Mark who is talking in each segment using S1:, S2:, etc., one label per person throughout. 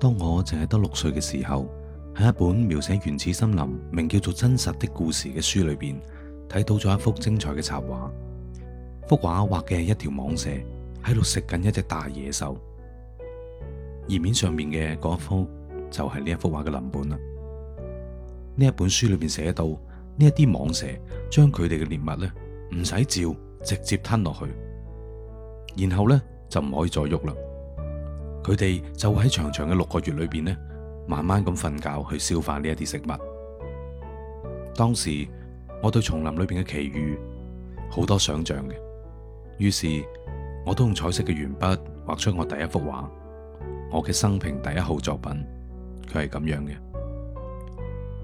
S1: 當我淨係得六歲嘅時候，喺一本描寫原始森林，名叫做《真實的故事》嘅書裏邊，睇到咗一幅精彩嘅插畫。幅畫畫嘅係一條蟒蛇喺度食緊一隻大野獸。頁面上面嘅嗰一幅就係呢一幅畫嘅臨本啦。呢一本書裏邊寫到，呢一啲蟒蛇將佢哋嘅獵物呢，唔使嚼，直接吞落去，然後呢，就唔可以再喐啦。佢哋就會喺長長嘅六個月裏邊呢，慢慢咁瞓覺去消化呢一啲食物。當時我對叢林裏邊嘅奇遇好多想象嘅，於是我都用彩色嘅鉛筆畫出我第一幅畫，我嘅生平第一號作品。佢係咁樣嘅，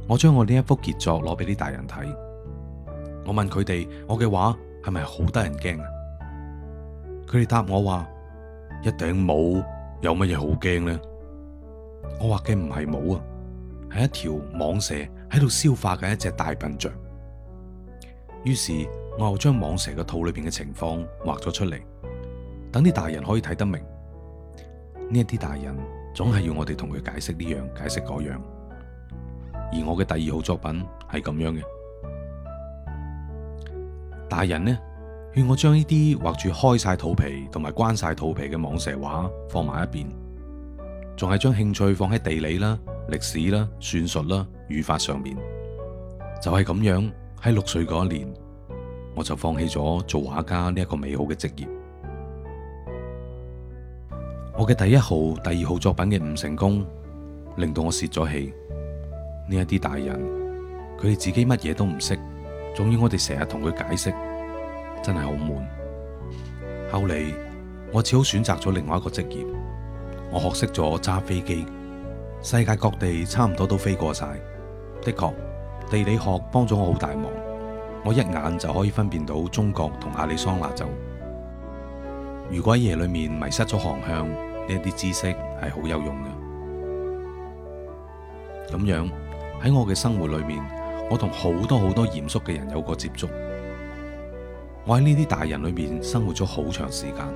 S1: 我將我呢一幅傑作攞俾啲大人睇，我問佢哋：我嘅畫係咪好得人驚？佢哋答我話：一頂帽。有乜嘢好驚呢？我畫嘅唔係帽啊，係一條蟒蛇喺度消化嘅一隻大笨象。於是我又將蟒蛇個肚裏邊嘅情況畫咗出嚟，等啲大人可以睇得明。呢一啲大人總係要我哋同佢解釋呢樣，解釋嗰樣。而我嘅第二號作品係咁樣嘅，大人呢？要我將呢啲畫住開晒肚皮同埋關晒肚皮嘅蟒蛇畫放埋一邊，仲係將興趣放喺地理啦、歷史啦、算術啦、語法上面，就係咁樣喺六歲嗰一年，我就放棄咗做畫家呢一個美好嘅職業。我嘅第一號、第二號作品嘅唔成功，令到我洩咗氣。呢一啲大人，佢哋自己乜嘢都唔識，仲要我哋成日同佢解釋。真係好悶。後嚟，我只好選擇咗另外一個職業，我學識咗揸飛機，世界各地差唔多都飛過晒。的確，地理學幫咗我好大忙，我一眼就可以分辨到中國同亞利桑那州。如果喺夜裏面迷失咗航向，呢啲知識係好有用嘅。咁樣喺我嘅生活裏面，我同好多好多嚴肅嘅人有過接觸。我喺呢啲大人裏面生活咗好長時間，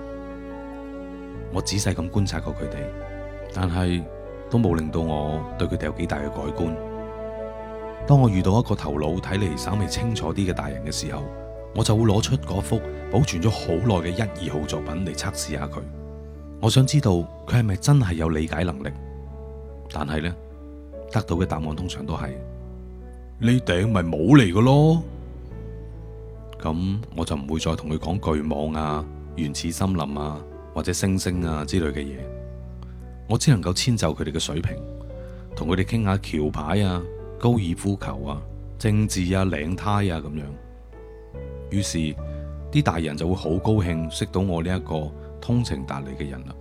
S1: 我仔細咁觀察過佢哋，但係都冇令到我對佢哋有幾大嘅改觀。當我遇到一個頭腦睇嚟稍微清楚啲嘅大人嘅時候，我就會攞出嗰幅保存咗好耐嘅一、二號作品嚟測試下佢。我想知道佢係咪真係有理解能力，但係呢，得到嘅答案通常都係呢頂咪冇嚟嘅咯。咁我就唔會再同佢講巨蟒啊、原始森林啊或者星星啊之類嘅嘢，我只能夠遷就佢哋嘅水平，同佢哋傾下橋牌啊、高爾夫球啊、政治啊、領呔啊咁樣。於是啲大人就會好高興識到我呢一個通情達理嘅人啦。